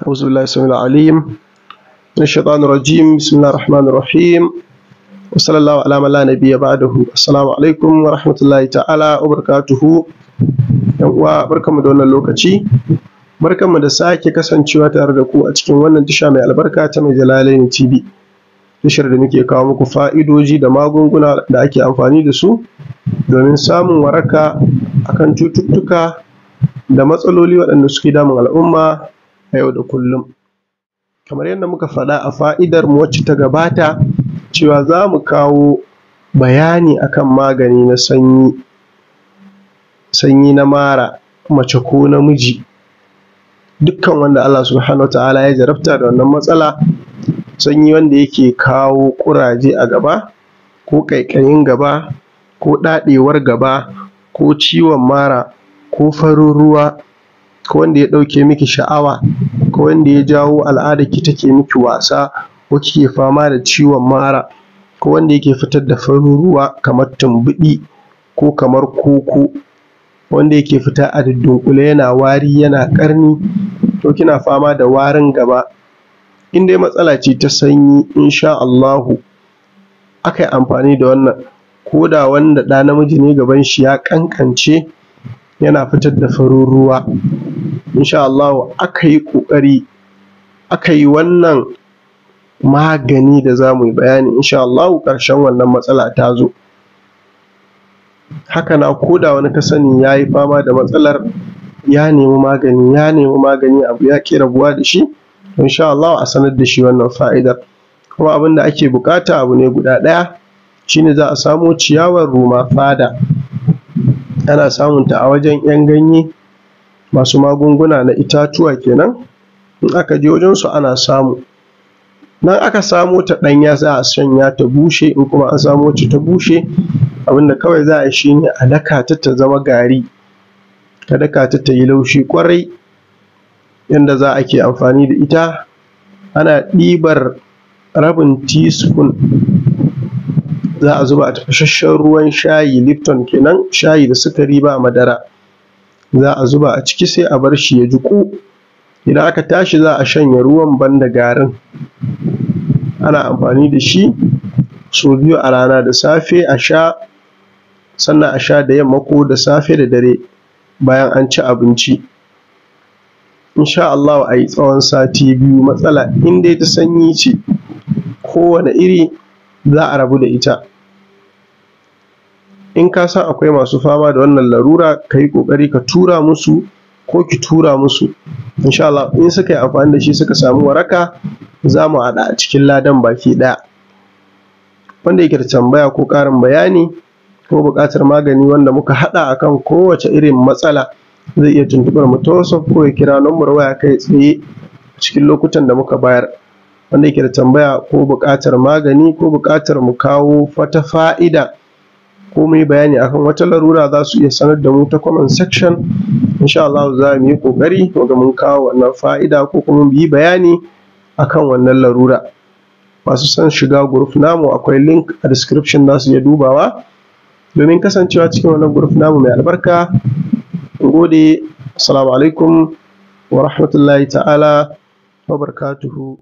أعوذ بالله السميع العليم من الشيطان الرجيم بسم الله الرحمن الرحيم وصلى الله على من لا نبي بعده السلام عليكم ورحمة الله تعالى وبركاته yawwa barkanmu da lokaci barkanmu da sake kasancewa tare da ku a cikin wannan tisha mai albarka ta mai jalalaini tv tashar da muke kawo muku fa'idoji da magunguna da ake amfani da su domin samun waraka akan cututtuka da matsaloli waɗanda suke damun al'umma a yau da kullum kamar yadda muka faɗa a fa'idar mu wacce ta gabata cewa za mu kawo bayani akan magani na sanyi sanyi na mara mace ko namiji dukkan wanda Allah subhanahu ta'ala ya jarabta da wannan matsala sanyi wanda yake kawo ƙuraje a gaba ko ƙaiƙayin gaba ko ɗaɗewar gaba ko ciwon mara ko farin ruwa ko wanda ya ɗauke miki sha'awa wanda ya jawo al'adarki take miki wasa ko kike fama da ciwon mara ko wanda yake fitar da farin ruwa kamar tumbuɗi ko kamar koko wanda yake fita a duddunƙule yana wari yana karni to kina fama da warin gaba in dai matsala ce ta sanyi insha Allahu aka yi amfani da wannan ko da wanda ɗa namiji ne gaban shi ya ƙanƙance yana fitar da farin ruwa insha Allah aka yi ƙoƙari aka yi wannan magani da za mu yi bayani insha Allah ƙarshen wannan matsala ta zo haka na ko da wani ka sani ya yi fama da matsalar ya nemi magani ya nemi magani abu ya ƙera rabuwa da shi insha a sanar da shi wannan fa'idar kuma abin da ake bukata abu ne guda ɗaya shine za a samo ciyawar ruma fada ana samunta a wajen 'yan ganye masu magunguna na itatuwa kenan in aka je wajen su ana samu nan aka samo ta ɗanya za a shanya ta bushe in kuma an samo ta ta bushe abinda kawai za a yi shine a daka ta ta zama gari ka daka ta ta yi laushi kwarai, yanda za a ke amfani da ita ana ɗibar rabin teaspoon za a zuba a tafasasshen ruwan shayi lipton kenan shayi da sukari ba madara za a zuba a ciki sai a bar shi ya jiƙu idan aka tashi za a shanya ruwan banda garin ana amfani da shi sau biyu a rana da safe a sha sannan a sha da yamma ko da safe da dare bayan an ci abinci insha Allah a yi tsawon sati biyu matsala Inda dai ta sanyi ce kowane iri za a rabu da ita in ka san akwai masu fama da wannan larura ka yi ƙoƙari ka tura musu ko ki tura musu insha Allah in suka yi amfani da shi suka samu waraka za mu haɗa a cikin ladan baki ɗaya wanda yake da tambaya ko ƙarin bayani ko buƙatar magani wanda muka haɗa akan kowace irin matsala zai iya tuntuɓar mu ta wasu ko ya kira lambar waya kai tsaye cikin lokutan da muka bayar wanda yake da tambaya ko buƙatar magani ko buƙatar mu kawo wata fa'ida ko mu bayani akan wata larura za su iya sanar da mu ta comment section insha Allah za mu yi kokari mu ga mun kawo wannan fa'ida ko kuma mu yi bayani akan wannan larura masu son shiga group namu akwai link a description za su iya dubawa domin kasancewa cikin wannan group namu mai albarka gode assalamu alaikum wa rahmatullahi ta'ala wa barakatuhu